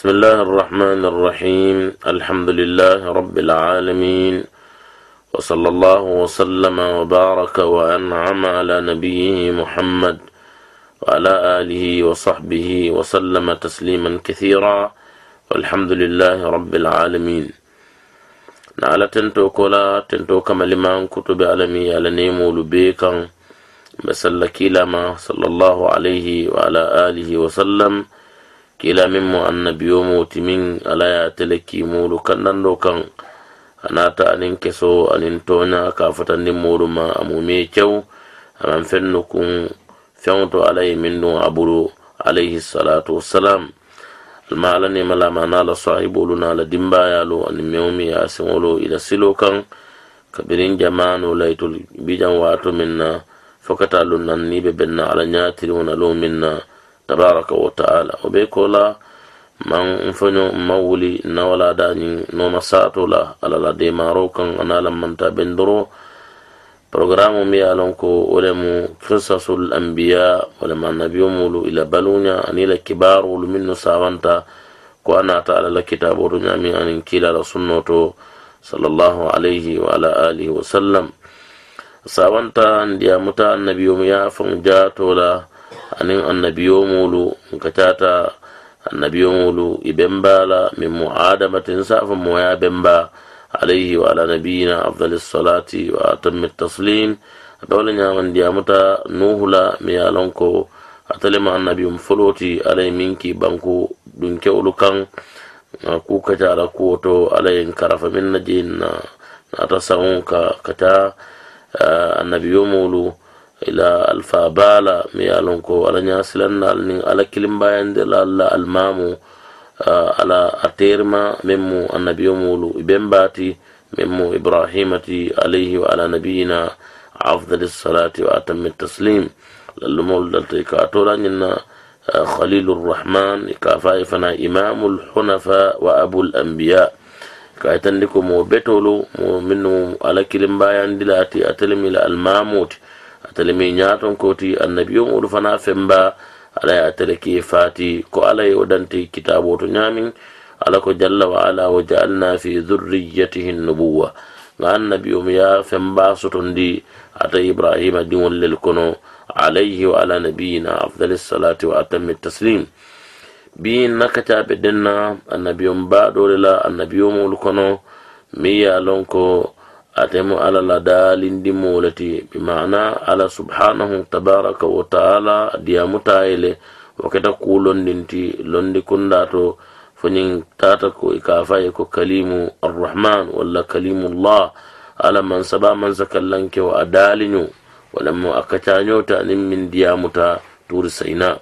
بسم الله الرحمن الرحيم الحمد لله رب العالمين وصلى الله وسلم وبارك وأنعم على نبيه محمد وعلى آله وصحبه وسلم تسليما كثيرا والحمد لله رب العالمين نعلى تنتو كلا تنتو كما لما كتب علمي على نيمو لبيكا بسلكي لما صلى الله عليه وعلى آله وسلم kila min mo annabiyo moti min ala ya tele kimolu kandando kan anata anin keso anin tonya ka fatandi mulu ma amume chau aman fennu kun fiyanto alayhi min dun aburu alayhi salatu wassalam alma alani malama na la sahibu ulu na la dimba yalo anin mewumi ya asimolo ila silo kan kabirin jamanu laitu bijan wato minna fokata lunan nibe benna ala nyatiri wana lo minna tabaraka wa ta'ala o kola man fanyo ma wuli na wala dani no masato la ala la de maro kan ana la manta bendoro program mi alon ko ole mu qisasul anbiya wala man nabiyu mulu ila balunya anila kibaru kibaru minnu sawanta ko ana ta ala la kitabu mi anin kila la sunnoto sallallahu alaihi wa ala alihi wa sallam sawanta ndiya muta annabiyo ya fanja la anin annabiyomolu nkatata annabiyomolu ibembala min muadamatin safa moya bemba alayhi wa ala nabiyina afdal salati wa atami taslim abawla ñamandiyamuta nuhula mi yalonko atalema annabi um foloti alay minki banku dun kewlu kan ku kacala kuwoto alayen karafa min najeinna naata sawun ka kata eh, annabiyomolu uh, ila alfa bala mi ye lon ko ala ñasilan nal nin ala kilimbayande la alla almamu ala aterima men mu annabiyo mulu iben bati men mu ibrahimati alayhi wa ala nabiyina afdal salati wa atami taslim lallumol dalta i ka tola ñinna خليل الرحمن كافا فنا إمام الحنفاء وأبو الأنبياء كايتن لكم وبتولو منو على كلمة بيان دلاتي أتلم إلى الماموت atalimi nyaton koti annabiyon oɗu femba ala ya atele fati ko ala ya o kitabu kitabo to nyamin ala ko jalla wa ala wa jaalna fi dhurriyatihi nubuwa nga annabiyon ya femba sotondi ata ibrahim diŋol lel kono alayhi wa ala nabiyina afdali salati wa atami taslim bi nakacaɓe bedenna annabiyon dole la annabiyon kono miya lonko ko atemo ala la daalindi moolati bi maana ala subhanahu tabaraka wa taala diyamutayele wo keta ku londinti londi kundato foñin tata ko i kafaye ko kalimu arrahman walla kalimu llah ala man saba man sakallankewo a daaliñu walla mo a kacañota anin min diyamuta turi sayna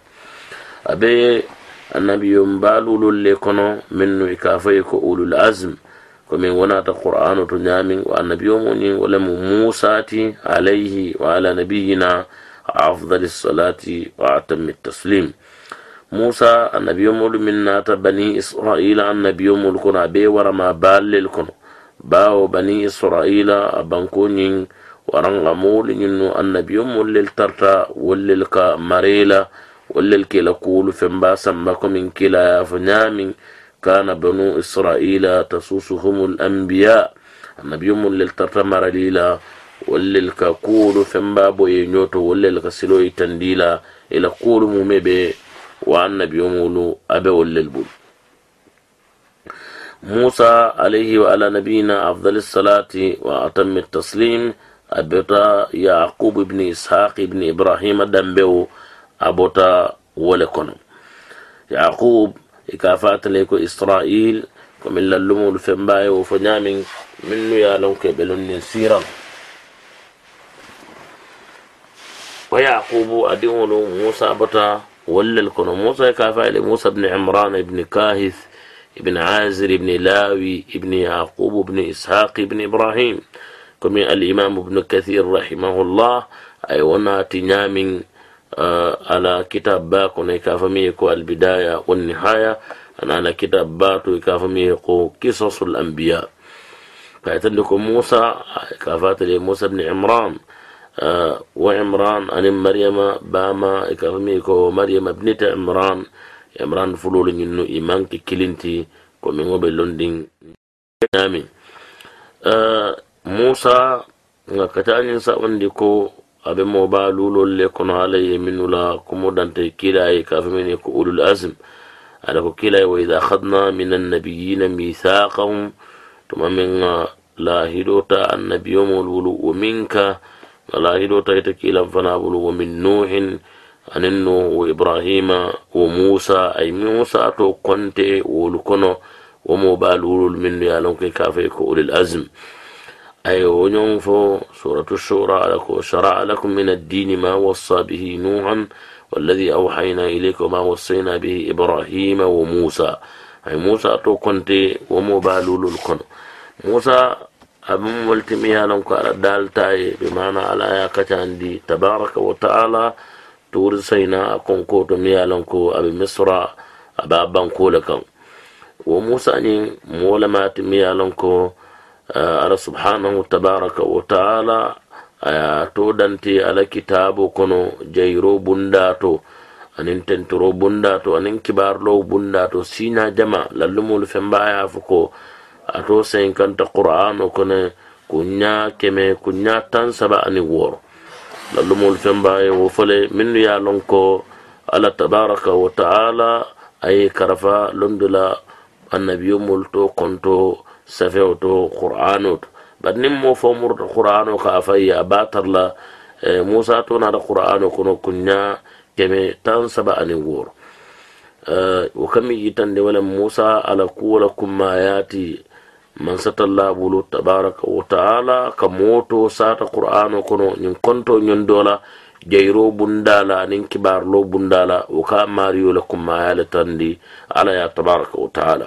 a beye annabiyon baalulol le kono minnu i kafaye ko ululazme komin wonata qur'anu to ñamin o annabiyo muñin musa ti alaihi wa ala nabiyina afdalis salati wa atami taslim musa annabiyo mul min nata bani israila annabiyo molu be abe warama balil kun bawo bani israila a waran waranga molu ñinno mul lil tarta wollel ka marela wollel kulu kuulu femba samba komin kila yafo ñamin كان بنو إسرائيل تسوسهم الأنبياء النبي من للترمر ليلا وللك كول فم بابو ينيوتو ولل كسلو يتنديلا إلى كول ممبي وعن نبي مولو أبي ولل موسى عليه وعلى نبينا أفضل الصلاة وأتم التسليم أبتا يعقوب بن إسحاق بن إبراهيم دمبو أبتا ولكن يعقوب i ka ko israil komin lallumolu fembaye wo fo ñamin minnu ye lon ko ɓelon nin siran wa yaqubu adiŋolu musa bota wollel kono musa ka musa ibni imran ibni kahith ibn عازر ابن لاوي ابن يعقوب ابن إسحاق ابن إبراهيم كما الإمام ابن كثير رحمه الله أي وناتي نامين ala kitab ba kono i ka ko albidaya wannihaya ana ala kitab ba to i ka ko kisasul anbiya kayitandi ko musa ka fo musa bni imran wa imran ani maryama bama i ka ko maryama binita imran imran fulolu ñinnu i maŋ ke kilinti ko miŋ wo be londiŋ ñaamiŋ musa nga kata sa sawandi ko abe moba lulol le kono ala ye minnu la kumo danta kila ye kafe min ye ko ulul azm ala ko kila ye wa idha akhadna min annabiyina mithaqahum tuma min ga lahidota annabiyomol wulu wo minka ga lahidota ita kilan fana bulu wo min nuhin anin nuhu wo ibrahima wo musa ay musa to konte wolu kono wo moba lulol minnu ye alon ko kafe ko ulul azm أي وجنفو سورة الشورى لكم شرع لكم من الدين ما وصى به نوحا والذي أوحينا إليك وما وصينا به إبراهيم وموسى أي موسى تو كنت ومبالول الكن موسى أبن والتمي لم قال دال تاي بمعنى على يا كتاندي تبارك وتعالى تورسينا أكون كوتو ميالنكو أبي مصر أبا بانكو لكم وموسى ني مولمات ميالنكو Eh, ala subhanahu tabaraka wa taala aya to danti ala kitabu kono jayro bunda to anin tenturo bunda to anin kibarlow bunda to sina jama lallumolu femba ya fo ko ato senkanta qur'ano kono kunya keme kunya tan saba ani wor lallumolu femba ye wo fole minnu ya lon ko ala tabaraka wa taala ay karafa londula annabiyumul to konto safewo to qur'ano to bari niŋ moo fo murta qur'ano ka a batar a baa tara la musa to naata qur'ano kono kunɲa keme tan saba aniŋ wooro wo kami yitandi wala musa ala kuwo la kummayaati mansatalla bulu tabaraka wa ta'ala ka moto sata qur'ano kono nin konto nyin dola jairo bundala nin kibarlo bundala wa ka mariyo lakum ma ya tandi ala ya tabaraka wa ta'ala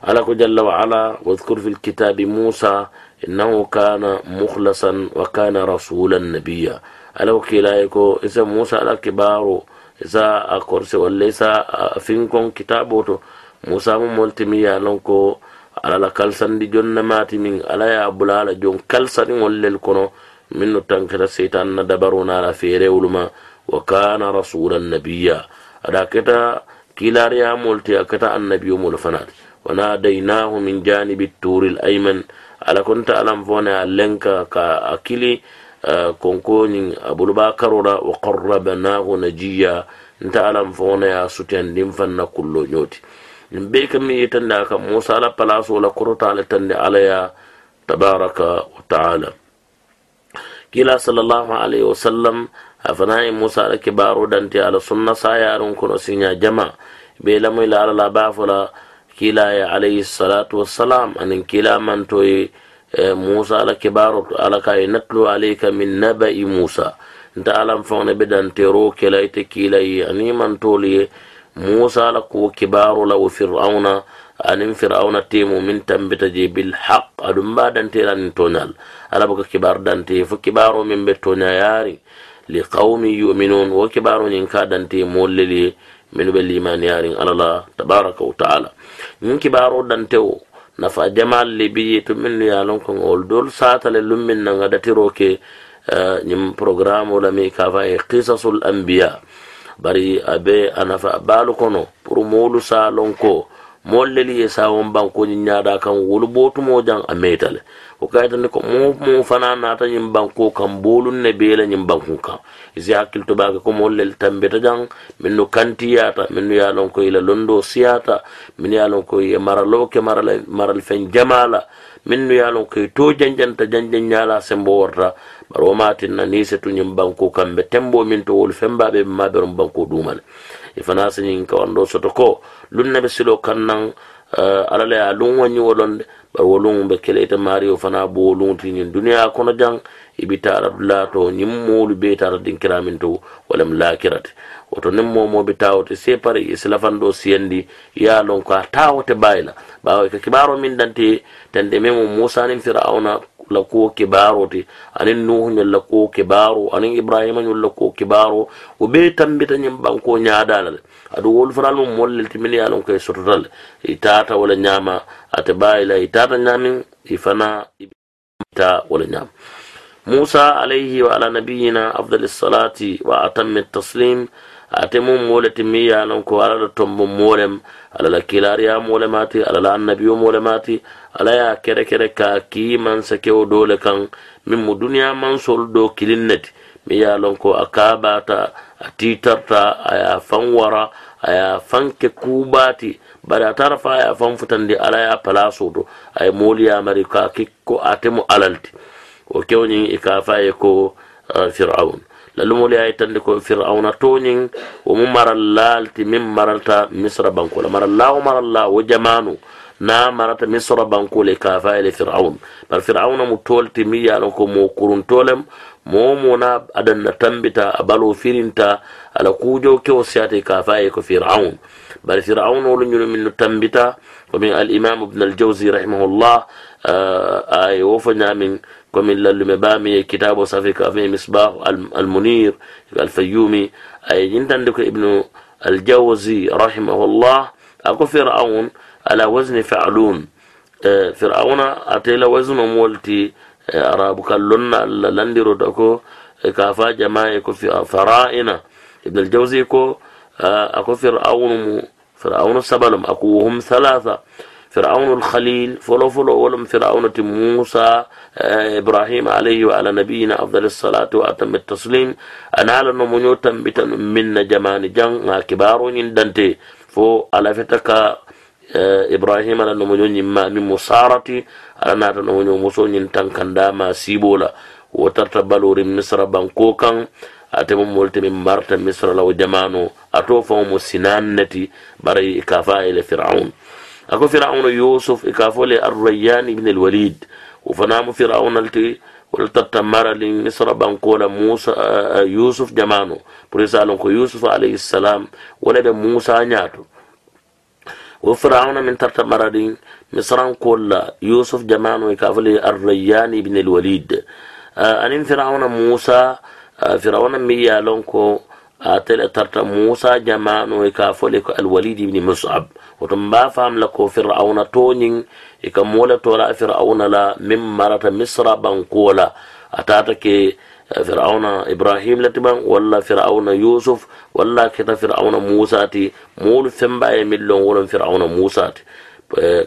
ala ko jalla wa ala wadhkur fil kitabi musa innahu kana mukhlasan wa kana rasulan nabiyya ala ko ko isa musa ala kibaru isa a korse walla isa a finkon kitabo to musa mo moltimi ya lon ko ala la kalsandi jonna mati min ala ya bula ala jon kalsani wollel kono min no tankata seytan na dabaruna ala feerewoluma wa kana rasulan nabiyya ada keta kilariya molti a keta annabiyomol wanadainahu min janibi turil ayman ala konta alam fone a lenka ka akili konkoñin abuluba karora wa qarrabnahu najiya nta alam fone ya sutiyandin fanna kullo ñoti in be kami yitande aka musa ala palaso la korota ala tande ala ya tabaraka wa taala kila sallallahu alaihi wasallam afanayi musa ala kibaro dante ala sunna sayaron kono sinya jama be lamoyla ala la bafola kila ya alayhi salatu wa salam anin kila man to e, musa ala kibaru ala ka natlu alayka min naba'i musa nta alan fa ne be tero kila ite kila ye ani man ye musa ala ku kibaru la fir'auna anin fir'auna timu min tambita je bil haq adum ba dante la ni ala baka kibar dante fu kibaru min be tonya yari li qaumi yu'minun wa kibaru nyin ka dante molleli minnu be limaniyarin yarin alala tabaraka wa taala ñiŋ baro dantewo nafa jamal le bi ye to min ya lon ko ol dol sata le lum min naŋa datiro ke ñiŋ eh, programme la me ka fa ye anbiya bari a anafa a kono pour moolu sa lon ko moolu leli ye saawon bankoñiŋ ñaaɗa kaŋ wolu bootumo jaŋ a meeta le wo kayita ni ko moo mo fanaŋ naata ñiŋ banko kaŋ boolu ne bee la ñiŋ bankun kaŋ isi hakkili to baake ko moolu leli tambita jaŋ miŋ nu kantiyaata miŋ nu ye a loŋ ko i la londoo siyaata miŋ ye a loŋ ko i ye maraloo ke marala maral feŋ jamaa la miŋ nu ye a loŋ ko i too janjanta janjaŋ ñaala sembo worta bari wo maatinna niŋ i se tu ñiŋ banko kaŋ be tenboo miŋ to wolu feŋ baa be be maa beroŋ banko duuma le ifana e sinin ka wando soto ko lun nabe silo kannan uh, eh, alala ya lun wanyi wolon bar wolun be kele ita mari o fana bo lun tinin duniya kono jang e ibita rabla to nyim mulu be tar din kiramin to walam lakirat woto nem mo mo be tawote se pare e islafan do siendi ya lon ka tawote bayla bawo ka kibaro min dante tande memo musa nin fir'auna lako kibaro ti anin nuhu ñol lako kibaro anin ibrahima ñol lako kibaro ube tambita ñin banko nyada lale adu wolu fanal mum mollel ti min ye lon koye itata wala nyama ate la i tata ñamin fana wala nyama. musa alayhi wa ala nabiyina afdal salati wa atami taslim ate mun mole timmi yanon ko ala da tombon molem ala la mole mati ala la mole mati ala ya kere kere ka ki sake o dole kan min mu duniya man sol do kilin mi ye ko a ta a tarta a ya fan wara a ya fan ke kubati bari a tara fa a ya fan futandi ala ya palaso to a ye ya yamari ka atemu alalti wo kewñin i ye ko uh, fir'aun lalumolu ye a yitandi ko firawuna toñin wo mu marallal ti min maralta misra banko la maralla wo maralla wo jamanu na marata misra banko le ka fa firaun bar firauna mu tolti mi ya ko mo kurun tolem mo mo na adanna tambita abalo firinta ala kujo ke o siate ka e ko firaun bar firaun wolu nyulu min tambita ko min al imam ibn al jawzi rahimahullah eh, ay wo fa كم للي مبامي كتابه صافي كافي مصباح المنير الفيومي أي عندك ابن الجوزي رحمه الله أكو فرعون على وزن فعلون أه، فرعون أتيلا وزن مولتي أه، أراب كلنا لندرو دكو أه، كافا جماعة فرائنا ابن الجوزي كو أكو فرعون فرعون سبلم أكوهم ثلاثة فرعون الخليل فلو فلو ولم فرعون موسى إبراهيم عليه وعلى نبينا أفضل الصلاة وأتم التسليم أنا لنو منيو تنبتا من جمان جن كبارو دنتي فو على فتك ibrahima la nomo ñoñin mami mo sarati ala nata nomo ño muso ñin tankanda ma sibo la wo tarta balori misra banko kan ate mo molte min marta misra la o jamano ato fawo mo sinan neti bara ka fa ile fir'aun ako firawna yusuf e ka fole arrayyan ibne alwalid wo fanamo firawnalti wolta tammara li misra bankola musa yusuf jamano pour salon ko yusuf alayhi salam wona ɓe musa ñaato wo firawna min tarta maraɗin misrankolla yusuf jamano e ka fole arrayyan ibne alwalid anin firawna musa firawna mi yalon ko atele tarta musa jamano e ka fole ko alwalid ibn mus'ab woto mba fam la ko fir'auna toñin e ka mola tora fir'auna la mim marata misra bankola atata ke fir'auna ibrahim latiban walla fir'auna yusuf walla kita fir'auna musa ti molu femba e millon wolon fir'auna musa ti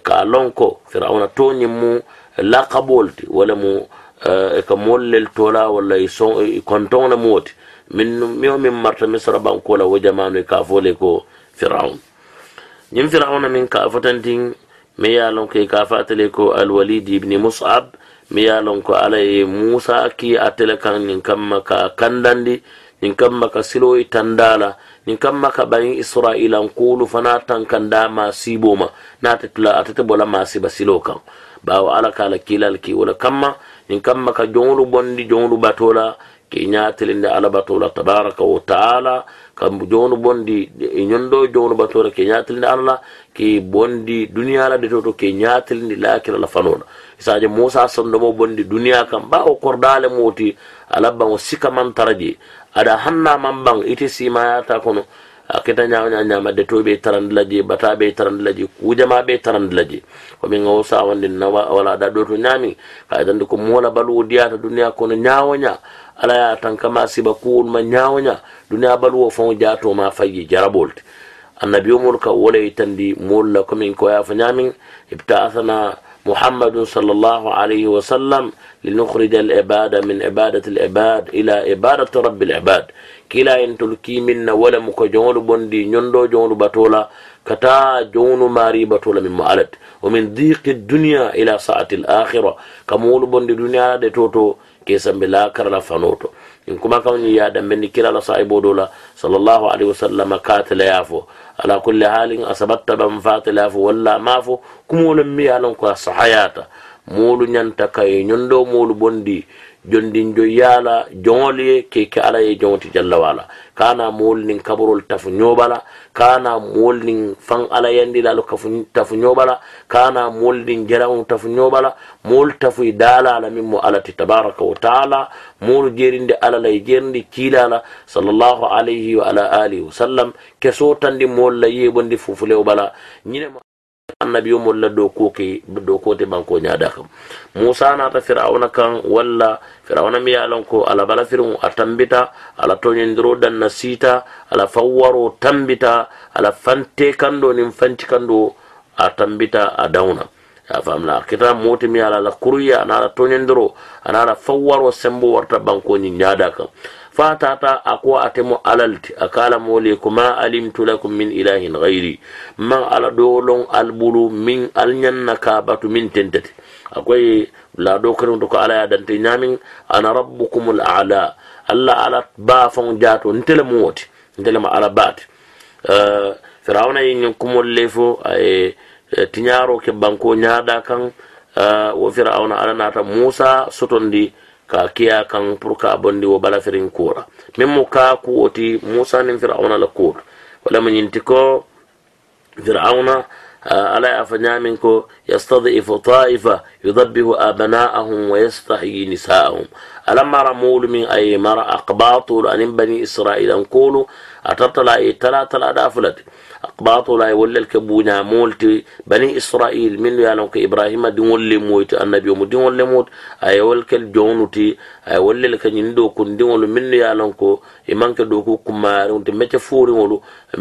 ka lon ko fir'auna toñin mu laqabol ti wala mu e ka mollel tola walla i kontonle muwoti min mio min marta misra bankola wo jamanu e ka fole ko firaun ñin firauna min ka fotantin mi ya lon ko e ka fatale ko al walid ibn mus'ab mi ya lon ko ala e musa ki atele kan ñin kamma ka kandandi ñin kamma ka siloyi tandala ñin kamma ka bani israila kulu fana tankanda ma sibo ma nata tula atete bola ma siba silo kan bawo ala kala kilal ki wala kamma ñin kamma ka jonglu bondi jonglu batola ke ñatilinde alabatola tabaraka wa taala kam jonu bondi e ñondo jonu la ke ala la ke bondi duniya la detoto ke ñatilinde lakira la fanona isaje musa mo bondi duniya kam ba o kordale moti ala ban o sikamantaraje hanna man ban ite ta kono akita ñawoña ñamadde to ɓe tarandi la je bata ɓe tarandi la je kujama ɓe tarandi la je komin sa sawandin na wala da do to ka dan ko mola balu diya ta duniya kono nya ala ya tankama siba kuwol ma nya duniya baluwo fon ma fayi jarabolt annabi omol ka wolay tandi mool la komin koya fo ñamin ibta asana محمد صلى الله عليه وسلم لنخرج العباد من عبادة العباد إلى عبادة رب العباد كلا إن تلقي منا ولا مكجون بندي نندو جون بطولا كتا جون ماري بطولا من معلت ومن ضيق الدنيا إلى ساعة الآخرة كمول بندي دنيا دي توتو كيسا ملاكر لفنوتو in kuma kauni ya a danbe kira la sahiboo doo la salallahu alaihi wasallam ka teleya fo ala kulli halin a sabatta ban fa fu fo walla maa fo kumoo le ko sahayata moolu ñanta ka ye mulu bondi jondin jo yala joŋol ye keke ala ye joŋo jalla wala kana mol nin kaburol tafu nyobala kana mol nin faŋ ala kafu tafu nyobala kana mol nin jeraŋo tafu ñoɓala mool tafuy daalala min mo ala ti tabaraka wa taala mol jerinde ala la ye kilala sallallahu alayhi wa ala alihi wa sallam keso tandi mol la yeɓondi fufulew bala ñinema annabiyo mol la dokoke dokote banko da kam musa na ta firauna kan walla firauna mi yalan ko ala bala firiŋo a tambita ala toñondiro dan nasita ala fawwaro tambita ala fante kando nin fanci kando a tambita a dawna a famna kita moti mi ala la kuriya na ala toñondiro ana ala fawwaro sembo warta banko nya da kam fatata tata ako atemo alalti akala mole kuma ma alimtu lakum min ilahin ghairi man ala dolon albulu min alnyanna ka batu min tentati akwai lado kanu to ala ya dante nyamin ana rabbukumul a'la ala ala ba fon jato ntele mu woti ntele ma ala bat uh, eh, firawna yin kumol lefo ay eh, eh, tinyaro ke banko nyada kan uh, wo firawna ala nata musa sotondi ka kiya kan furka ka wo bala firin kora min mu ka kuwoti musa nin fir'auna la kura wala mu yin ko fir'auna ala ya a fo ko yastadifu taifa yudabihu abanaahum wa yastahyi nisaahum ala mara muwolu min a ye mara akbatolu anin bani israila nkoolu a tartala a tala tala da fulati باطلا يولل كبونا مولت بني إسرائيل من يالون ابراهيم دين ولي موت النبي يوم دين ولي موت أي ولك الجونتي أي لك نندو كن دين ولي من يالون كو إمان كدوكو كمار ونت متفور ولو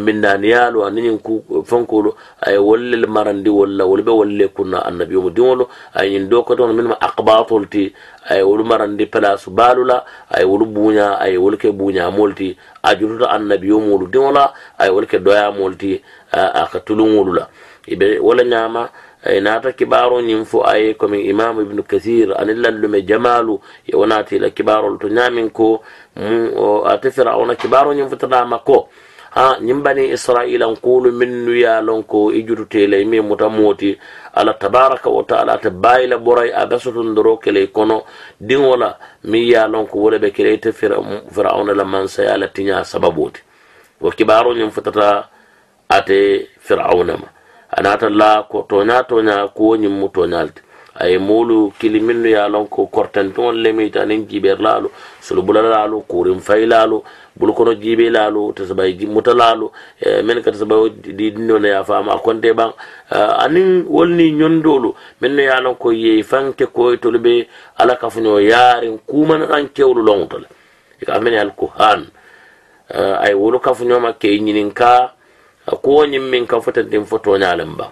من دانيال أنين كو فنكو أي ولل مرندي ولا ولي بولي كنا النبي يوم دين ولو أي نندو كتون من أقباطلتي أي ولو مرندي بلاس بالولا أي ولو بونا أي ولك بونا مولتي أجلوت النبي يوم ولو دين ولا أي ولك دويا مولتي a ka tulun wulu la i be wo le ñaama eh, naata komi imam ibnu kathir aniŋ lallume jamalu ya wanati la kibaro to nyamin ko mu mm, ate kibaro kibaaro ñiŋ futanaama ko ha ñiŋ bani israilan kuulu minnu ye ko i jututee muta moti ala tabaraka wa taala tabayla buray la duro a kele kono din wala mi ya a ko be kele ite fir'auna lamansa ya latinya tiñaa wa kibaro wo kibaaro ate firauna ma anata la ko tonya tonya ko wani mu toñalti aye moolu kili minnu ye lon ko kortantiŋol lemita lalu jiberlaalu sulubulalaalu kurin faylaalu bulukono jiibelaalu tesabayi lalu min ka tesabayo didinno ne ye faama konte baŋ aniŋ wolu niŋ ñondoolu minnu ya lon ko ye faŋ ke koye tolu be alla kafuño yaariŋ kumanaraŋ an loŋuto le i ka meŋ ayi alkuhan aye wolu ma ke i ɲininka. E ko ñiŋ min kan fitar din ne alin ba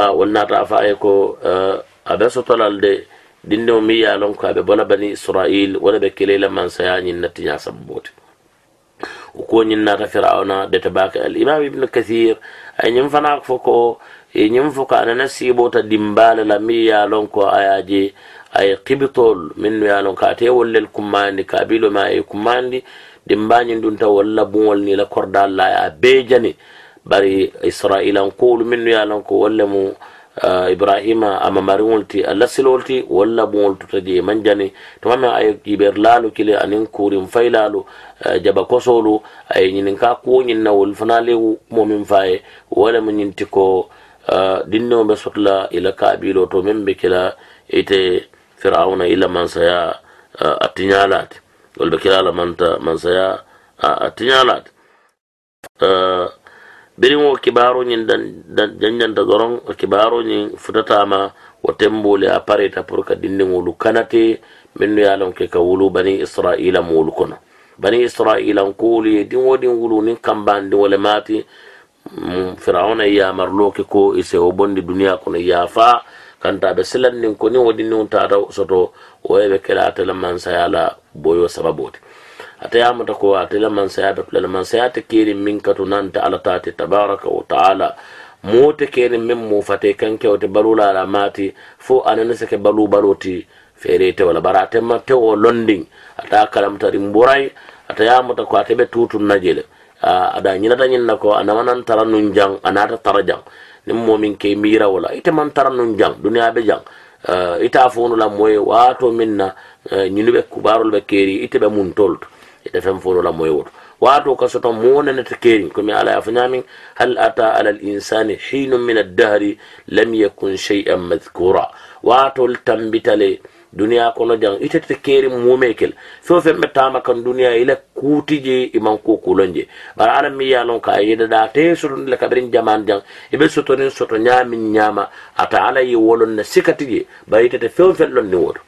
a wannan a fa a ko a da su de din da mu a loŋ ko a bani israil wani da be kele la mansaya ñiŋ na tiñaa sabbot ti wo ko ta naata da ta baake al imam ibnu kathir a ye fana ko ñiŋ e fo na anana siiboota dimbala la mi ye a ko a yaje a yi a ye kibitol minnu ye a loŋ ko ma yi e kumandi kummandi dun dunta wala bunwal la kordal la ya bejani. jani bari israilan kowolu minnu ye a ko wolle mu ah, ibrahima ama mari wulti alla lasilol ti walla wultu tuta je man jani tuma meŋ a ye jiber laalu kili kurin fay laalu ah, jaba kosolu ay ye ka ko nyin na wolu fana le kumo miŋ fa ye wo lemu ñiŋ ti ko ah, be sotla ila kabilo to min be kila ite fir'auna ila man saya a tiña la ti wolu be kila la manta mansaya a tiña la ti birin wa kibaro ñin da doron wa kibaro fitata ma wa tembole a furka dindin wulu kana kanate minnu ya lanke ka wulu bani israila wulu kono bani israila nkuwolu ye din wadin wulu kan ban le maati mm, firawuna ya yamarilo ke ko ise o bondi duniya kono fa kanta be nin ko wadin wo ta da soto o ya be ta mansaya la boyo sababoti ata yamata ko ate la mansaya be la mansaya te keri min katu nanta ala taate tabaraka wa taala moo te keri min mu fate kanke wote balula ala maati fo anani sake balu baloti feerete wala bara ate ma tewo londin ata kalamtari mburay ata yamata ko ate be tutun najele ada ñinata ñin na ko anamanan tara nun jang anata tara jang nin momin ke mira wala ite man tara jang duniya be jang ita fonu la moye wato min na ñinu e, be keri ite be mun toltu ita fen fo la moy woto waato ka soto mona na komi ko mi ala ya fanyamin hal ata ala al insani hinun min ad lam yakun shay'an madhkura wato tambitale duniya kono jan ita ta keri mumekel so fe metta makan duniya ila kutije iman ko kulonje bar aran mi ya lon ka yeda da te so don la kabrin jaman jan ibe so tonin so to nyamin nyama ata ala yi wolon na sikatije ba ita ta fe fe lon ni wodo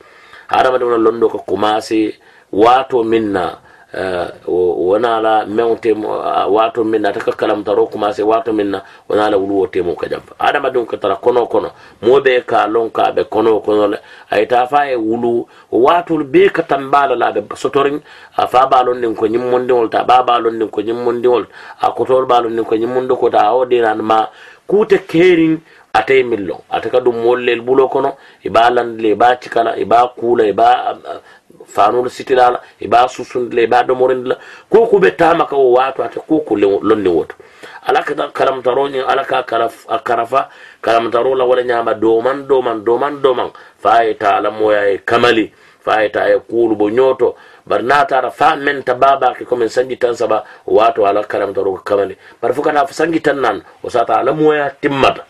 hada ma don londo ko kumase wato minna Eh, wona la meŋo te waato min na ate ka kalamutaro kumase waato min na wona la wuluwo temo ka janfa adamadiŋo ka tara kono kono moo bee ka loŋ ka a be kono kono le a ye fa ye wulu waatolu bee ka tambaa la la a be sotoriŋ a faa baa loŋ niŋ ko ñimmondiŋol ta a baa baa loŋ niŋ ko ñimmondiŋol a kotoolu baa loŋ niŋ ko ñimmondi ko ta a wo dinaani ma kuu keeriŋ ate ye loŋ ate ka duŋ moolu le bulo kono i be a landile i be a cikala i be a kuula i be fanolu sitilala e ba susundila e ba domorindila ko ku be tama wo wato ate ko lonni woto ala ka kalamtaro ñin ala ka karafa kalamtaro la wala ñama doman doman doman doman fa ala moya ye kamali e fa ye ta bo ñoto bari na fa menta babake komin sanji tan saba wato ala kalamtaro ko kamali bari fo sanji tan nan o sata ala moya timmata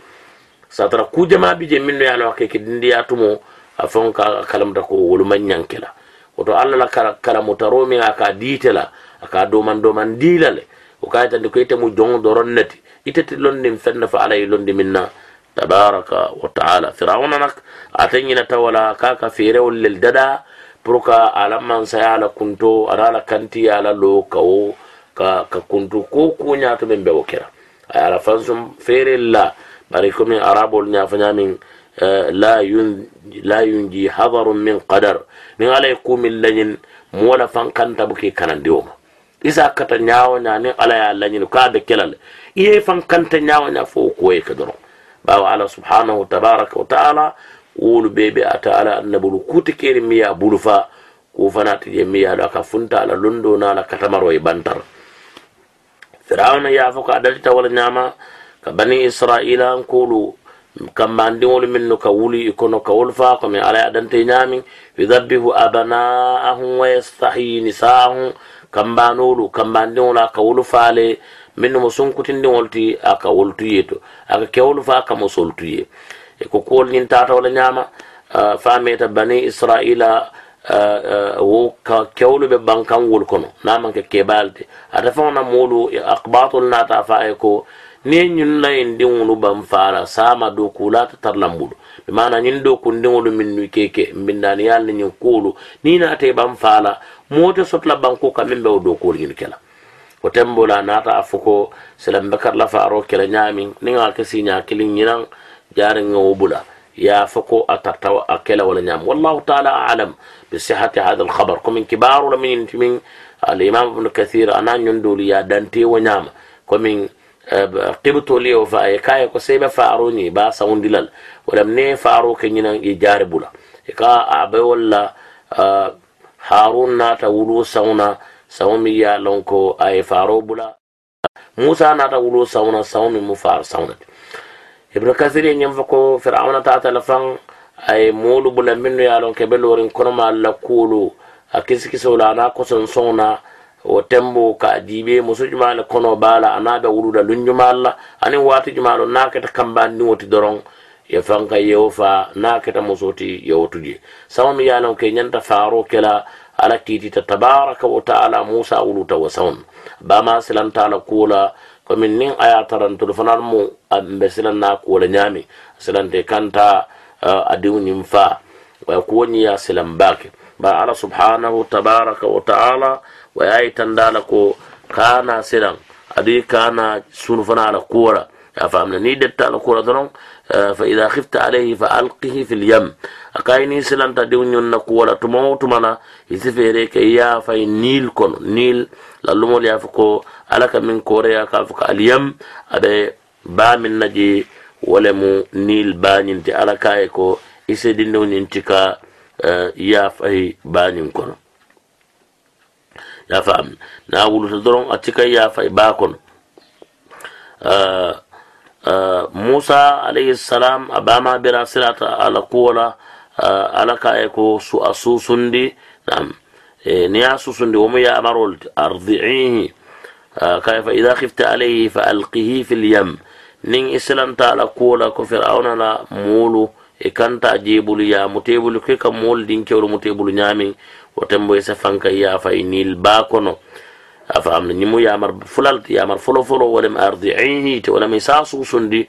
satara ku jama minno yano ke kidindiya tumo afon kalamta ko woluman ñankela woto ala la karamutaro min a ka diite la a ka doman doman diila le wo ka ko ite mu doron ne ti londin fa ala ye londi minna tabaraka wa taala firawuna na ate ñinata wala ka ka feerewol lel dada pour ka ala kunto arala la ala la lo kawo ka, ka kuntu ko kuñato min be a ala fansum fere la bari komi arabol ñafa min eh, la ji hadarun min qadar ni ala ye kumin lañin moola fan kantabu ke isa kata nyawo nya ni ala ye ka be kelal iye fan kanta ñawo nya, fo e ke Ba wa ala subhanahu tabaarak wa taala wul bebe ata ala annabul kuti kirmiya miya bulu fa ko fanati je miya da ka funta ala londo na la katamaro e bantar. firawna yaafo ko adati tawala ñaama ka bani israila an kuulu kambandiŋolu min nu ka wuli i kono ka wolu faa komin ala ye adante ñaamin yudabbihu abana'ahum wa yastahiyi nisa'ahum kambanolu kambandiŋolu a ka wolu faale min nu mo sunkutindiŋolu ti a ka wolu tu ye to a ka ke wolu faa ka mosolu tu ye e ko kuwolu ñin taata wala ñaama faa meeta bani israila wo ka kewlu be bankan wol kono na man ke kebalde ata fona molu akbatul nata fa e ko ne nyun na indi wulu ban fara sama do kula ta tarlambulu be mana nyin do ku ndi wulu min nuke ke min dani yalla nyin kulu ni na te ban fala mota sotla banko ka min be do kulu nyin kala ko tembula nata afuko selam bakar la faro kala nyamin ni ngal ke sinya kilin nyinan jaren ngobula bula يا فكو اتتوا أكل ولا نعم والله تعالى أعلم بصحة هذا الخبر كم كبار من من الإمام ابن كثير أنا يندولي يا دانتي ونعم كم قبطو لي وفا كاي كسيب فاروني با سون دلال ولم ني فارو كنينا يجارب لا يكا أبي ولا هارون ناتا ولو سونا سومي يا لونكو أي فارو بولا موسى ناتا ولو سونا سومي مفار سونا ibnu kasiri ñiŋ fo ko firawuna taata le faŋ a ye moolu bula minnu ye a loŋ ke be looriŋ la kuolu a kisikisoo la ana kosonsoŋo na wo tembo ka jibe musu juma le kono baa la ana niŋ a be wuluda luŋ jumaal la aniŋ waati juma lo niŋ a keta kambaandiŋo ti doroŋ ye faŋ ka yewo faa niŋ keta ti yewo tu je saŋo miŋ ye a loŋ ke ñanta faaroo ke la ala kiitita tabaraka wa taala musa wuluta wo saŋo baama silanta la kuo la komin nin a ye tarantolu fanaŋ mu mbe silaŋ na kuwo le ñaami silante kanta a diŋo ñiŋ faa kuwo ñiŋ ye a silaŋ baa ke bari alla subhanahu tabaraka wa taala wa ye a yitanda la ko kana silaŋ aduŋ kana sunu fana a la kuwo la فهمنا ني دت على كورة درون فإذا خفت عليه فألقه في اليم أكاي ني سلان تدون يون كورة تمو تمنا يسفيريك يا فاي نيل كون نيل fo ko alaka min koreya k'a fɔ ka aliyam baa minna jii je walemu nil baa nyinti tɛ ala k'a ye ko i sedindenw ɲin ti ka baa ɲin kɔnɔ y'a faamu n'a wuluta dɔrɔn a ti baa kono eh, eh, musa alayhi salam a baa ma bɛra sira ta ala ko la eh, ala k'a ye ko su a susundi n'i y'a susundi o mu y'a amarol فإذا خفت عليه فألقه في اليم نين إسلام تالا كولا كفرعون لا مولو ikanta jebulu ya mutebulu ke ka mol din kewru mutebulu nyami wotembo esa fanka ya fa e inil ah, e eh, ba kono afa amna nimu ya mar fulal ya mar fulo fulo walam ardi'ihi to walam isasu sundi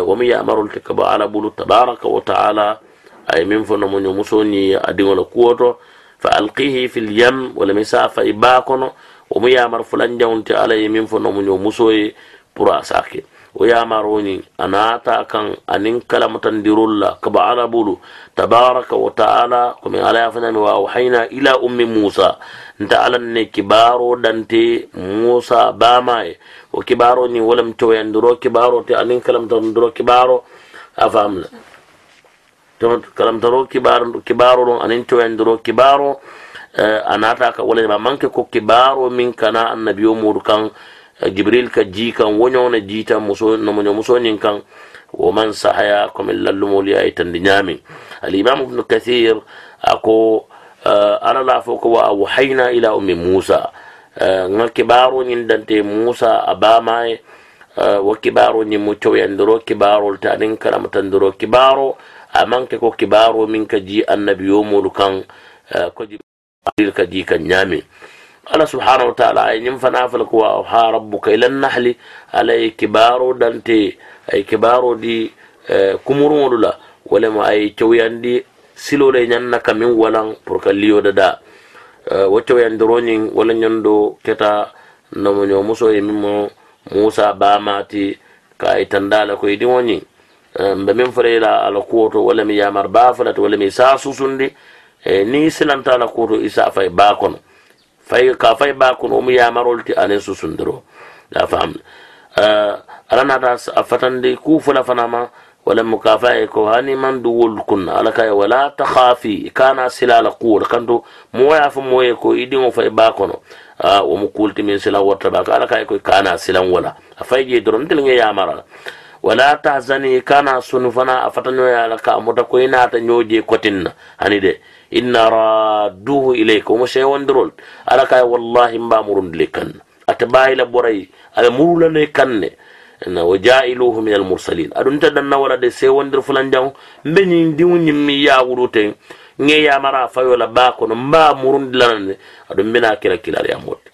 wa mi ya marul tikaba ala bulu tabaraka wa ta'ala ay min fono mo nyomusoni adingola kuoto fa alqihi fil yam walam isafa e ibakono kono o mu yamar fulan te alla ye min mu nomuño muso ye pour a sa ke wo yamaroñin a naata kan anin kalamutandirol la kaba ala bulu tabaraka wa taala komin ala ya fanami wa wahayna ila ummi musa nta alan ne kibaro dante musa ye o kibaro ñin wolam coyandiro kibaro te anin kalamutandiro kibaro a famla kalamtaro kibaro ɗon anin coyandiro kibaro anata ka wala ma manke ko kibaro min kana annabiyo mur kan jibril ka ji kan wonyo na jita muso no mo muso nin kan wo man sahaya comme lallumo li ay tan nyami al imam ibn kathir ako ana la fo ko wa wahayna ila ummi musa nga kibaro nyin dante musa abama wo kibaro nyin mu coyandiro kibaro tanin kalamtandiro kibaro amanke ko kibaro min ka ji annabiyo mur kan ko ka di kan nyame ala subhanahu wa ta'ala ay nyim fana fal ko wa ha rabbuka ila nahli alay kibaru dante ay kibaru di eh, kumurun la wala ma ay cewiyandi silo le nyanna min walan pour ka liyo dada eh, wo cewiyandi ronin wala nyando keta nomo nyo muso e mimo musa bamati ka itandala ko idi woni eh, mbe min fere la ala kuoto wala mi yamar ba bafalat wala mi sa susundi e ni silanta la kuto isa fay ba kono fay ka fay ba kono mu yamarol ti ane susundiro e, da fam ala nata a fatandi ku fula fana ma wala mukafa ko hani man du wol kunna ala kay wala takhafi kana silala kuwol ya fu fo ye ko idiŋo fay ba kono wo mu kulti min sila wata ba ala kay ko kana silan wala a je doron tel nge yamara wala tahzani kana sunu fana a ya ala ka da ko ta nyoje kotin hani de inna raduhu ilayka omo sewondirol ala kaye wallahi mbamurundile kanna ata bayila boray aɓe murulane kanne na wo jailuhu min almursalin aɗum ta danna wala de sewondir fulan jan mbe ñin diwñin mi yawuru ten ŋe yamara fayola ba kono mba murundilanane aɗum mbena kira kilare yamote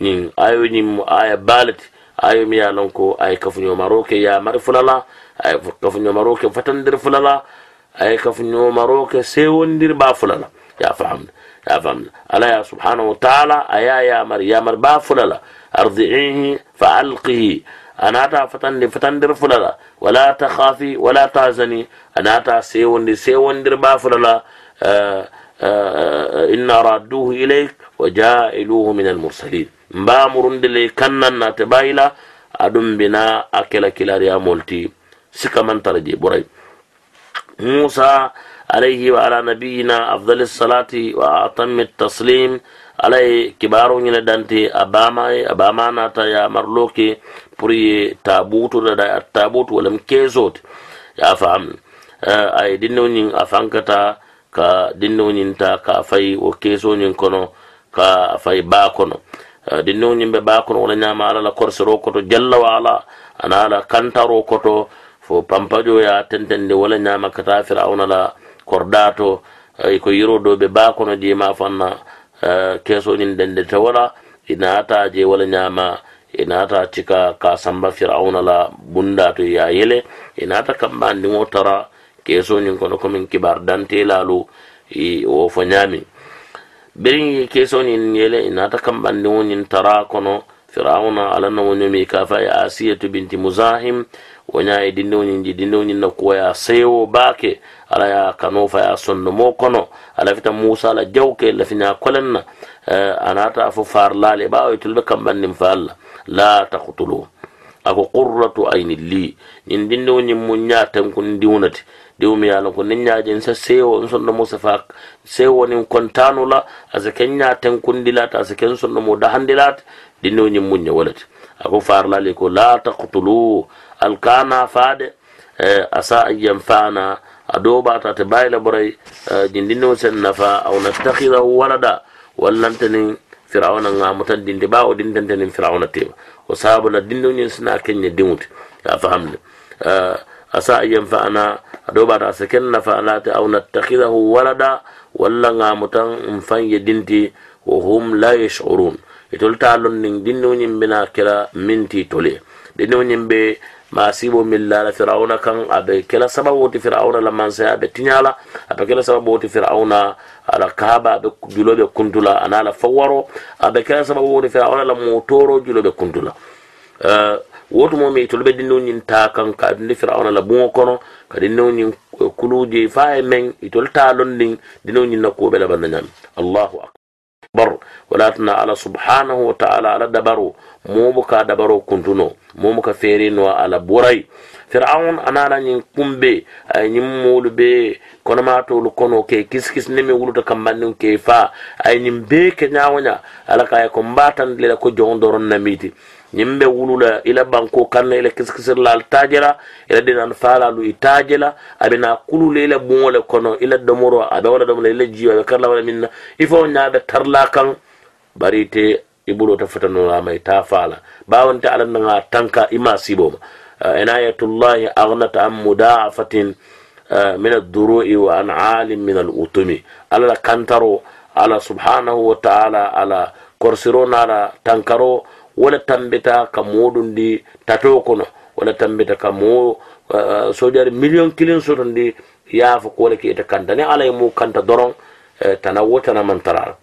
ñin ayo ñin aya balati ayo mi ya lon ko aye kafuñomaro ke yamari fulala aye kafuñomaro ke fatandir fulala أي كف نومروك سيوندير بافلالا يا فهمنا يا فهمنا ألا يا سبحانه وتعالى أيا يا مر يا مر بافلالا أرضعيه فألقيه أنا تا فتند فتندر فلالا ولا تخافي ولا تعزني أنا تا سيوندير سيوندير بافلالا آه،, أه أه إن رادوه إليك وجائلوه من المرسلين مبامرون دلي كنن ناتبايلا أدم بنا أكل كلاريا مولتي سكمن ترجي برأي موسى عليه وعلى نبينا أفضل الصلاة وأتم التسليم عليه كبار من دانتي أباما أباما ناتا يا مرلوكي بري تابوت دا التابوت ولم كيزوت يا فهم أي دينونين أفانكتا كا dinnoñin ta ka fayi wo kesoñin kono ka fayi baa kono dinnoñin ɓe baa kono wona ñama ala la korsero koto jalla wa ala ana ala kantaro koto fo pampajo ya tentende wala nyama kata fir'auna la kordato eh, ko yiro do ɓe ba kono jima fanna eh, keso kesoñin dende tawala ina inata je wala ina inata cika ka samba fir'auna la to ya yele inata kamba andiŋo tara kesoñin kono komin kibar dante lalu wo fo bin keso nin yele inata kamba andiŋo ñin tara kono alanna alannawo mi kafa ya asiyatu binti muzahim woñayi dindiwoñinji dindiwoñin na kuwaya seyewo baake ala ya kano faya sonno mo kono alafita musa la jawke lafiña kolen na eh, anata fo farlaale ba way tulɓe kambandin fa alla la takutulu ako qurratu aynin li ñin dindiwoñin mu ña tenkun diwnati diwmi yalon ko nin ñaji n sa seewo n sonno mo sa fa seewo nin kontanu la asa ken ña tenkundi lata asa ken sonno mo dahandi lata dindiwoñin mu ñewolati ako farlaale ko la takutulu alkana fade e, a an yanfana a doba ta ta bayi burai jindinno sen nafa a aw wannan ta ne fir'aunan nga mutan dinde ba o dindantanin firawna tema o sabu na dindo nyin suna kenya dimut ya fahamde asa an yanfana a doba ta saken nafa alata aw nattakhidahu walada walla nga mutan mfan fanye dinti wa hum la yash'urun itol talon ning dinno nyin bina kira minti tole dinu ñiŋ be maasibo min la la firawuna kan abe be kela sababu ti firawuna la manse abe be abe la kela sababu ti firawuna ala kaaba a be julo be kuntula ana la fawaro abe be kela sababu ti firawuna la motoro julo be kuntula uh, wotu mo mi tolu be dindiŋo ta kan ka dindi firawuna la buŋo kono ka dindiŋo ñiŋ eh, kulu je fa ye meŋ itolu taa londiŋ dindiŋo ñiŋ na kuo be labanda ñami allahu akbar akbar wala ala subhanahu wa ta'ala ala dabaro momu ka dabaro kuntuno momu ka feere no ala burai fir'aun anana nyin kumbe ay nyin mulu be kono ma lu kono ke kis kis nemi wuluta kambannin ke fa ay nyin be ke nyawanya ala kay ko le ko jondoron namiti ñiŋ be wulu la i la banko kaŋ na i la kisikisiri la ali taaje la i la dinaani faalalu i a kulu le i la buŋo le kono i la domoro a be wo la domo la i la jiyo a be kari la wo le miŋ na i faŋo ñaa be tari la kaŋ bari ite i bulota fotanolama i taa faa la baawonte ala naŋa tanka i maa siiboo ma eh, inayatullahi agnata an mudaafatin eh, min adduru'i wa an alin min al utumi ala la kantaro ala subhanahu wa taala ala korsiro da tankaro wala tambita ka di tato kono wala tambita ka mo uh, sojari million kilin ya fa ko ke ta kanta ne ala ye mu kanta doron eh, tana wota tana mantara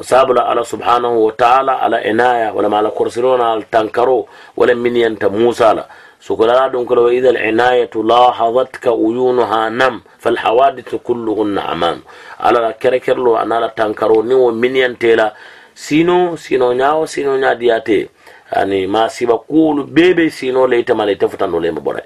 sabula ala subhanahu wa ta'ala ala inaya wala ma ala al tankaro wala min yanta musa la سكلا دونك لو إذا ka لاحظتك nam fal hawadith kulluhun أمام ala kerekerlo anala tankaro ni تنكروني ومن ينتلا sino sino nyao sino ña diyate ani masiba kulu bebe sino le itema le ite futandolema bora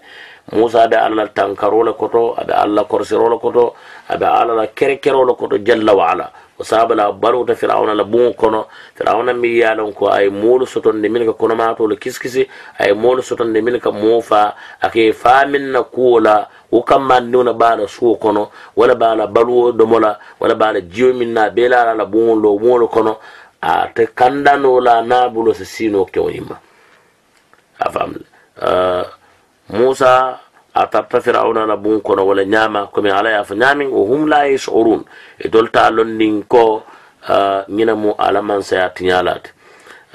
musa abe alla tankaro le koto abe alla korsero le koto abe alla la kerekero le koto jalla wa ala wasaba la baro ta firawuna la bon kono firawuna mi ye a loŋ ko a ye moolu sotondi minnu ka konomaatoo le kiskisi ay ye soton de milka ka ake famin na kula la wo kammandiŋo na baa la kono wala baa la do mola wala baa la jio na a la bon lo la kono a kanda n'o la na bulo se sino ke wonima afam uh, musa a atatta firawna na bun kono wala nyama kuma ala ya fa nyamin o hum la yashurun e ta lon nin ko eh, nyina mu ala man sa ya tinyalat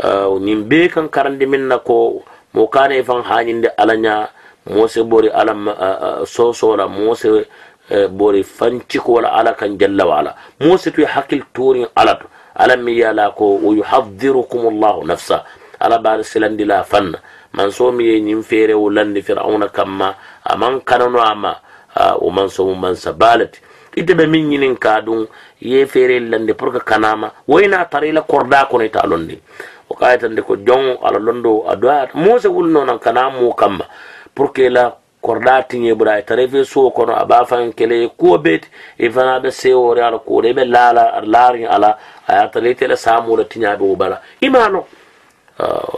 eh, nin be kan karande min na ko mo kane fan ala nya mose bori ala so soso la mose bori fanciko wala ala kan jalla wala mose tu hakil turin ala. ala min ye ala ko wa yuhadirukum llahu nafsa ala baari silandila fanna manso mi ye ñiŋ feerewo landi firawuna kamma aman kanano ama o wo manso mu mansa baalati ite be min ñinin ka ye feere landi pour que kanama woyina tara ila korda kono ita londi wo kayitande ko joŋ ala londo a doyata mose wulino nan kana mu kamma pour la korɗa tiŋe bura e tara ife suwo kono a ɓa fan kele kuwo beti i fana ɓe sewore ala kuwoɗe ɓe laala aɗa laariŋ ala a ye tara itele saamula tiñaɓe wo bala imano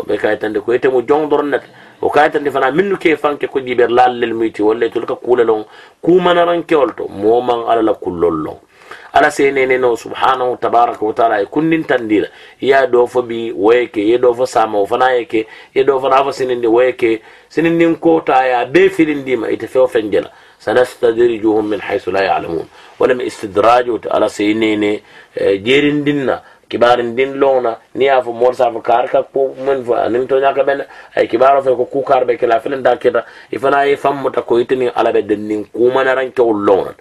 ɓe de ko ite mu joŋ doron nete o de fana minnu ke fanke ko jiɓer laallel muyti walla tol ka kuulelon kumanarankewol to momaŋ ala la kullol loŋ ala sai ne ne subhanahu tabaraka wa ta'ala e kunnin tandira ya do fo bi weke ya do fo sama o fana yake ya do fana fo weke sinin sinindin ko ta ya be di ma ita fo fenjela sanastadrijuhum min haythu la ya'lamun wala mi istidraju ala sai ne ne e, dinna kibarin din lona ni ya fo mor safa kar ka ko men fo anim to nyaka ben ay kibaro fe ko kukar be kala filin da keta ifana ye fammuta ko itini ala be den nin kuma na ran to lona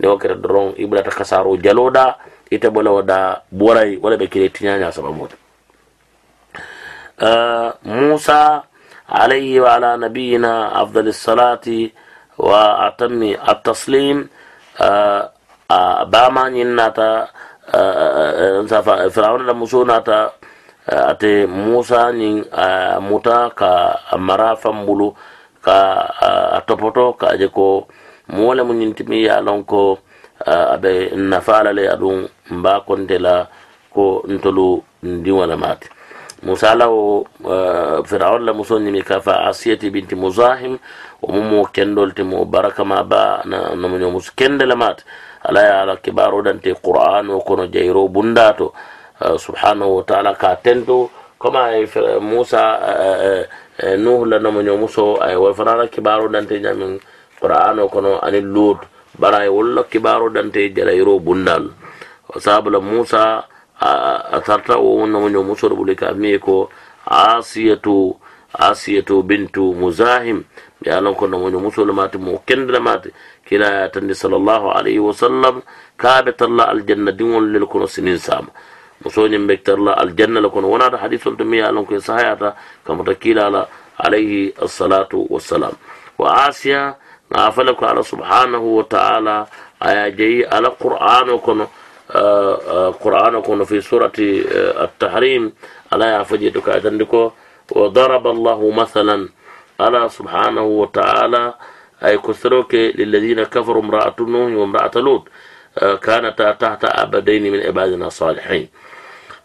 ne wo kere doron i bulata kasaro jalo da ite bola wo da boray wala be kile tiñaña sababuta uh, musa alayhi wa ala nabiyina afdal salati wa atami التسليم uh, uh, bama ñin nata firawna da muso nata ate musa ñin muta ka mara fambulu ka a topoto ka je ko moo lemu ñinti miŋ ye a loŋ ko a be la le aduŋ mba konte la ko ntolu ndiŋo le maati musa la wo firaun la muso ñimi ka fa asiyati binti muzahim wo mu mu kendol ti mu barakama ba nomuño musu kende le maati ala ye ala kibaro dante qur'an kono jayiro subhanahu wa taala ka tento musa nuhu la nomuño muso ay wo la kibaro dante qur'ano kono ani lut bara wolla kibaro dante jalayiro bundal sabula musa a tarta wo wonna mo ñoo musoro ɓuli ka miye ko asiyatu asiyatu bintu muzahim ya alon ko nomo ñoo musolu mate mo kendela mate kila tandi sallllahu alayhi wa sallam kaaɓe aljanna diŋol lel kono sinin sama musoñin ɓe talla aljanna le kono wonata hadisol to miye alon koye sahayata kamata kila la alaihi assalatu wassalam wa asiya نافلك على سبحانه وتعالى آية جي على قرآنك آه، آه، قرآنك في سورة آه، التحريم على يفجدك أتندك وضرب الله مثلا على سبحانه وتعالى أي كثرك للذين كفروا امرأة نوح وامرأة لوط كانت تحت أبدين من عبادنا الصالحين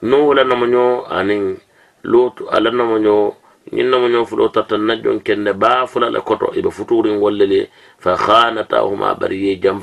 نوح لنا منو أن لوط لنا منو ñin namo ñoo fulo tartan na jon kende ba fula le koto ibe futurin wolle le fa khanatahuma bari ye a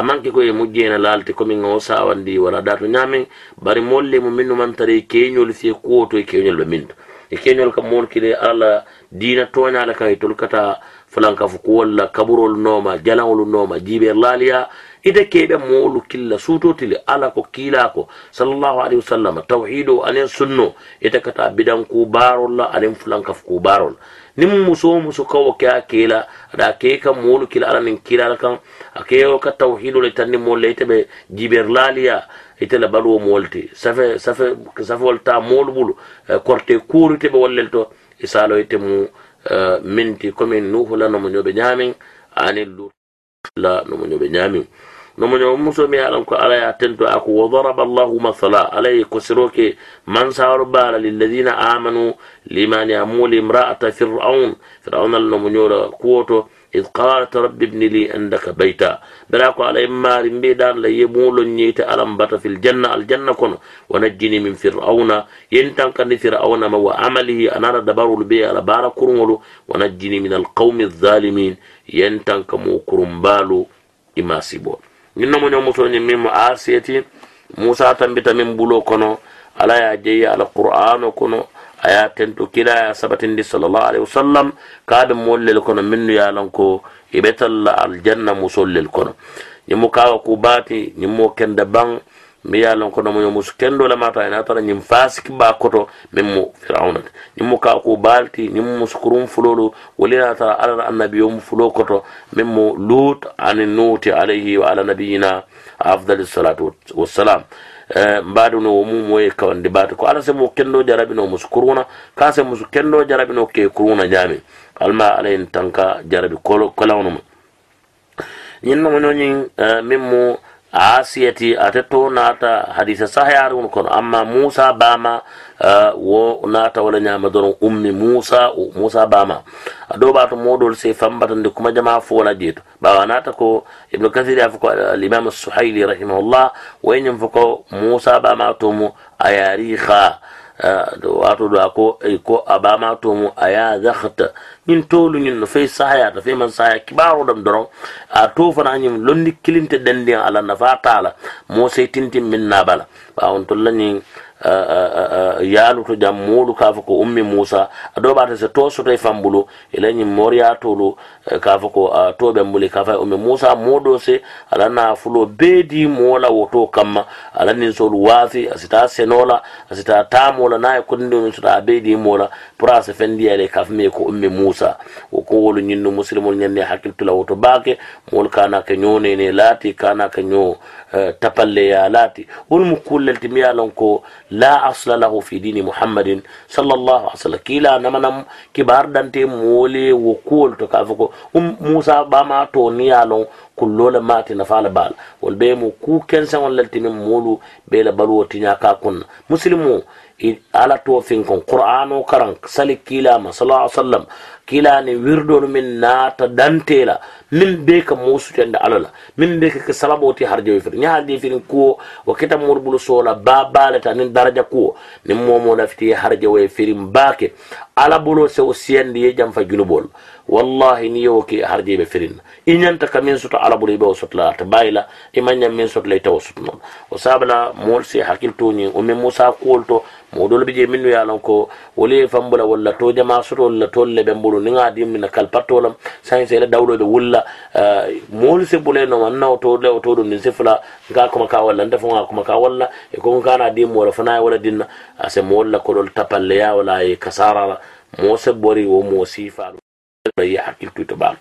amanke ko ye mujjena lalti komi ŋa wo saawandi wala daato ñaameŋ bari le mu minnu man tare keñol kuwo to i e keñol be minto e keñol kam mool kile ala la diina tooñaa le kaŋ kan e tolkata fulan fu kuwalla kaburol nooma noma nooma laliya laaliya ke keɓe mulu killa suutotili ala ko kila ko sallallahu alaihi wasallam tawhido anin sunno ite kata ku barol la ka fu ku barol nin muso muso kawo ke a kela ada ke kan mulu kila ala nin kila kan a ke ka tawhido le tanni moolu le ite ɓe jiiber laaliya ita la baluwo moolu safa safe safe safewol ta moolu bulu eh, korte kuurite be wallel to isalo ite mu minti komin nuhu la nomuñoɓe ñamin anin lut la nomuñoɓe ñamin nomuño muso mi alan ko ala ya tento ako wa daraba allahu mathala alayi ko siroke man sawaro bala lilladina amanu limani amuli imra'ata fir'aun fir'aun al nomuñola kuwoto إذ قالت رب ابن لي عندك بيتا براكو على إمار بيدان لا يمول نيت ألم بات في الجنة الجنة كن ونجني من فرعون ينتن كن فرعون ما وعمله أنا دبر البي على بارا كرمولو ونجني من القوم الظالمين ينتن كمو كرمبالو إما سيبول ننمو نمو من آسيتي موسى تنبت من بلو كنو ألا يا جي على قرآن كنو aya tento kila ya sabatindi sallallahu alaihi wasallam kaɗum mol kono minnu ya ko e aljanna musol kono nimu kawa ku bati ñimmo kenda bang mi lanko no mo muskendo kendo lamata ina tara ñim fasik ba koto memmo mo firaunat ñimmo kawa ku balti ñimmo muskurum fulolo walina tara annabi yum fulo koto memmo lut ani nuti alaihi wa ala nabiyina afdali salatu wassalam Eh, mbaɗuno wo mum moye kawandi baate ko ala sabu kendo jarabino musu kuruna ka sabu musu kendo jarabino ke kuruna ñaami alma ala en tanka jarabi kolawnuma ñin nomoñoñin eh, min mu asiyati atetto naata hadisa sahayaari won kono amma moussa bama wo nata wala nyama doron ummi musa o musa bama aɗo ɓato sai sey fambatande kuma jama jeto ba wana ta ko ibn kathir yafa ko alimam suhayli rahimahullah woyeñin fo ko musa bama tomo kha do wato do ko e, ko a to mu aya zakhta min tolu nin fai saya ta fe man saya kibaro dam doron a to fana nyim londi kilinte dande ala nafa taala mo tintin min nabala bala ba on to lanin Eh, eh, eh, to jam muulu ka fo ko ummi musa aɗo ɓata so to soto e fambulu ilañi moriya tolu ka fo ko a mbuli ka fa ummi musa moɗo se alana fulo beedi moola woto kamma alanin solu waafi asita senola asita tamola na e kodindiɗum sota a beedi moola pour a se fendiyale ka fami ko ummi musa wo wolu ñinno musilimol ñande hakkiltula woto baake mool kana ke laati kana ke ñoo Eh, tapalle ya mu wonmo kullelti mi lon ko la asla lahu fi dini muhammadin sallllahu alih sallam kiila namanam kibar dante moole wo kuwol to ka fo ko um moussa ɓama to ni lon kullole mati nafala baala wol be mu ku kenseŋol lelti min moolu ɓe la baluwo tiña ka kunna musilimu o ala to fin kon qur'ano karan sali kila ma sallallahu alaihi wasallam kila ni wirdo min nata dantela min be ka musutende alala min be ka salaboti harjo fir nya harjo fir ko wa kita murbulu sola babale ta nin daraja ko ni momo na fiti harjo we fir mbake ala bulo se o siendi ye jam fa junubol wallahi ni yo ke harjo be firin i ñanta ka min soto alabula i be wo sotola ate bayila i maŋ ñaŋ min sotola ite wo sotono wo sabula moolu si hakkili to ñiŋ wo meŋ musa kuwolu to moo doolu bi je minnu ye a ko wolu ye bula walla to jama sotolu la toolu le be n bulu niŋ a diŋ mina kalipatoo lam sayinsi ila dawulo be wulu la moolu si bula no maŋ na wo to le wo to duŋ niŋ si fula nka kuma ka walla nte faŋo a kuma ka walla e ko nka fana diŋ moo la ye wo le ase moolu la kodolu tapalleya wala a ye kasara la moo se bori wo moo siifaalu ye hakkili ite baalu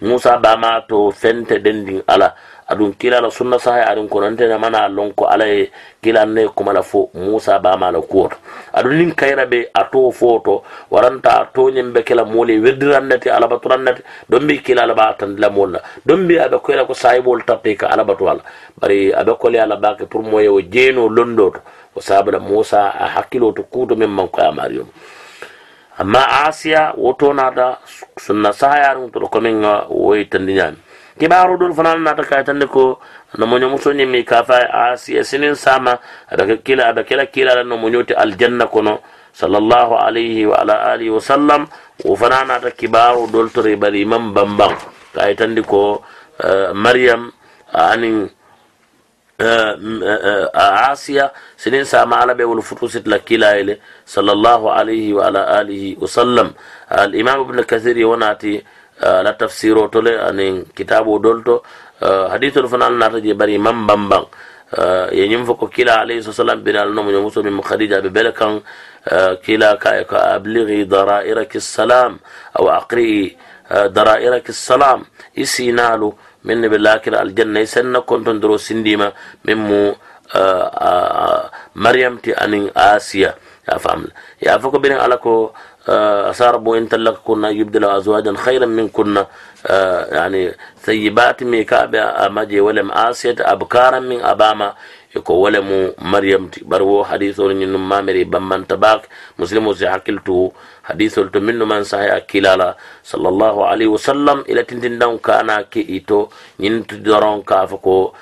musa ma to fente dendin ala adun kila la sunna sahay adun nante na mana lon ko ala e kila ne kuma la fo musa ba ma la ko adun nin kayra be ato foto waranta to be kila mole weddirannati ala baturannati don bi kila la ba tan la molla don bi abe ko la ko bol tapte ka ala batu wala bari ada ko la ba ke pour moye o jeno londo ko o musa a hakkilo to kudo men man ko amariyo amma asiya woto nata sunna sahayarum ko min ga woyi tandi ñami kibaru dol fanan nata kayitandi ko so nyimi ka kafa asiya sinin sama ada kila ada kila kilala nyoti aljanna kono sallallahu alayhi wa ala alihi wa sallam wo fana nata kibaru dol toro bari imam bambang tandi ko eh, maryam anin عاصية سنين سامع على بي والفتوس تلكيلا إلي صلى الله عليه وعلى آله وسلم الإمام ابن كثير يوناتي آه، لا تفسيره تولي أن كتابه دولتو آه، حديث الفنان ناتجي بري آه، من بمبان ye ñiŋ fo ko kila alayhi salam bina ala nomu ñomuso min khadija be bele kaŋ kila ka ye ko abligi darairaki salam i min ne aljanna i senna konton doro sindima min mu maryam ti anin asiya ya famla ya fako birin ala ko asa rabbu in tallaka kunna yubdila azwajan khayran min kunna yani thayyibat mi kaɓe amaje walem asiyata abkaran min abama ko wala mu maryam ti bar wo hadisol ñin num mamiri bambanta bak muslimu si hakkiltu hadithol to minnu man sahaya kilala sallallahu alaihi wasallam ila tindindan kana ke ito nyin tu doron ka fa ko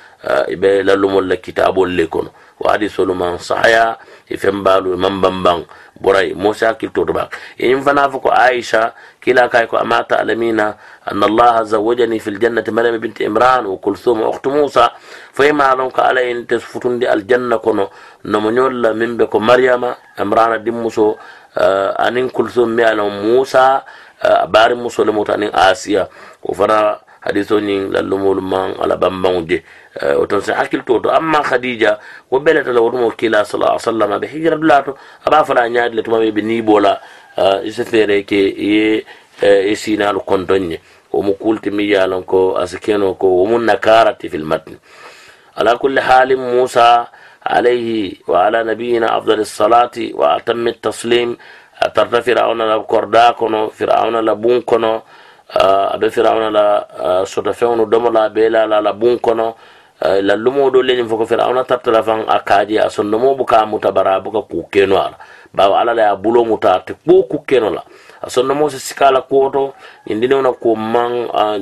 ibe lalumol la kitabol le kono wa hadithol man sahaya ifen balu man bambang burai musa kilto to bak in fana fa ko aisha kila kai ko amata alamina an allah zawajani fil jannati maryam bint imran wa kulthum ukhtu musa fayma lon ka ala in tasfutundi al janna kono no mo nyolla min be ko maryama imrana dimmuso Eh, anin kulsum mi alan musa eh, bari musolimoto anin asiya o fana hadiso nin lallumolu man ala banbaŋo je eh, o ton se hakkilto to amma khadija wo beleta la wotumo kila sala sallam aɓe hijira dula to aɓa fana ñaadi le tuma ɓe niibola ise feere ke ye e sinalu kontoñe womu kultimi yalon ko asikeno ko womun nakarati fil matni ala kulli halin musa عليه وعلى نبينا أفضل الصلاة وأتم التسليم أترت فرعون لا كرداكنو فرعون لا بونكنو أبي فرعون لا سوتفون دملا بلا لا لا بونكنو la lumo do leñin foko firawna tartala fan a kaaji a sondomo buka muta bara buka kukkeno ala bawa ala la ya bulo muta te kpo kukkeno la a sondomo si sikala kuwoto ñindinewna ko man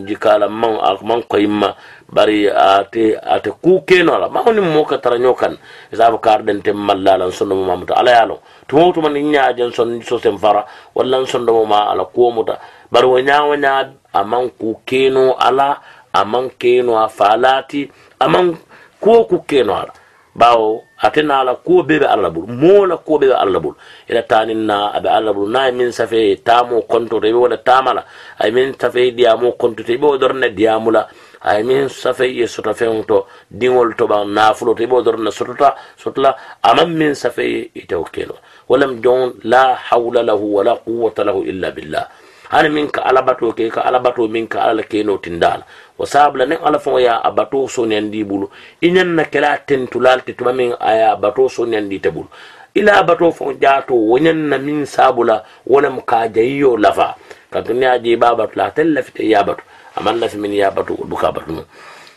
jikala man man koyimma bari ate ate ku keno la mawni mo ka tara nyokan isabu kar den tem mallalan sondo mo mamuta ala yalo tumo tuma ni nya jen son so sem fara wallan sondo mo ma ala ko muta bari nya a aman ku keno ala aman keno afalati aman ko ku keno ala bawo na ala ko bee be ala bulu moo la kuwo bee be ala bulu ila taanin na a be ala bulu n'a ye min safe taamoo konto i be wo taama la a ye min safe diyaamoo konto i be wo doroŋ ne diyaamu la ay min safe ye sota feŋo to diŋol to baŋ naafulo to i b'o doroŋ sotota sotla amaŋ min safe ye ite keno walam joŋ la hawla lahu wala quwata lahu illa billah hani min ka alabato ke ka alabato min ka ala keno tindala wa sabula ni ala faŋo ye a bato soniyandi bulu i ñaŋ na kela tentulal te tuma min a ye a bato soniyandi te bulu ila bato fo jato wonyan na min sabula wala mu ka jayyo lafa katun ya je babatla tallafita ya bato aman lafi min ya batu duka batu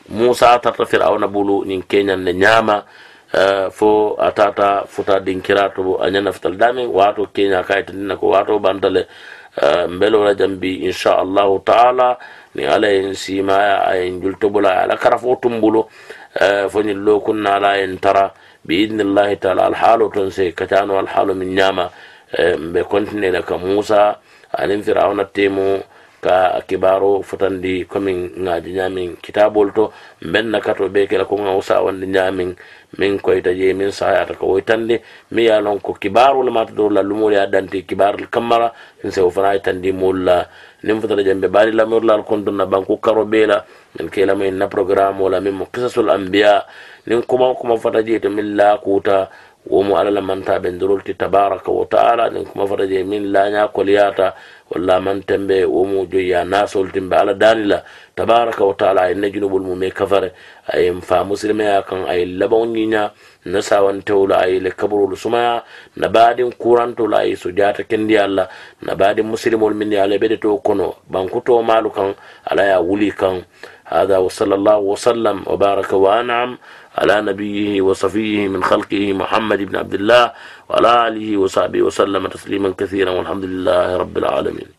musa ta fir'auna bulu nin kenya ne nyama eh, fo a ta futa kira to a ñana fital dami wato Kenya keña na ko wato eh, mbelo mbelola jambi insha allahu taala ni ala en simaya a bula ala bulo fo bulu fo ni lo na ala en tara biidnillahi taala alhaalo ton se kacano alhaalo min nyama eh, mbe kontine daga ka musa anin fir'auna temo ka kibaro futandi komin ngaji nyamin kitabol to na kato be kela ko ŋa usawandi nyamin min koyta je min sayata ko woytandi mi ya lon ko kibarol mata do la lumo ya danti kibarol kamara nse o fana tandi mol la nin futata jambe bari kon lal na banku karo be la min min na program wala min qisasul anbiya nin kuma kuma fata je to min lakuta mu ala la manta ɓe ndorolti tabaraka wa taala nin kuma fata je min lañakoliyata walla mantembe womujo ya nasol timbe ala danila tabaraka wa taala ay nejunubol mum e kafare ay fa muslimeya kan ay labaw ñiña na sawantewol ay le kaburol sumaya na baadin kurantol ay so jata kendi alla na baadin muslimol min ala ɓeɗe to kono bankuto malu kan ala ya wuli kan hada wa sallallahu wa sallam wa baraka wa anam على نبيه وصفيه من خلقه محمد بن عبد الله وعلى آله وصحبه وسلم تسليما كثيرا والحمد لله رب العالمين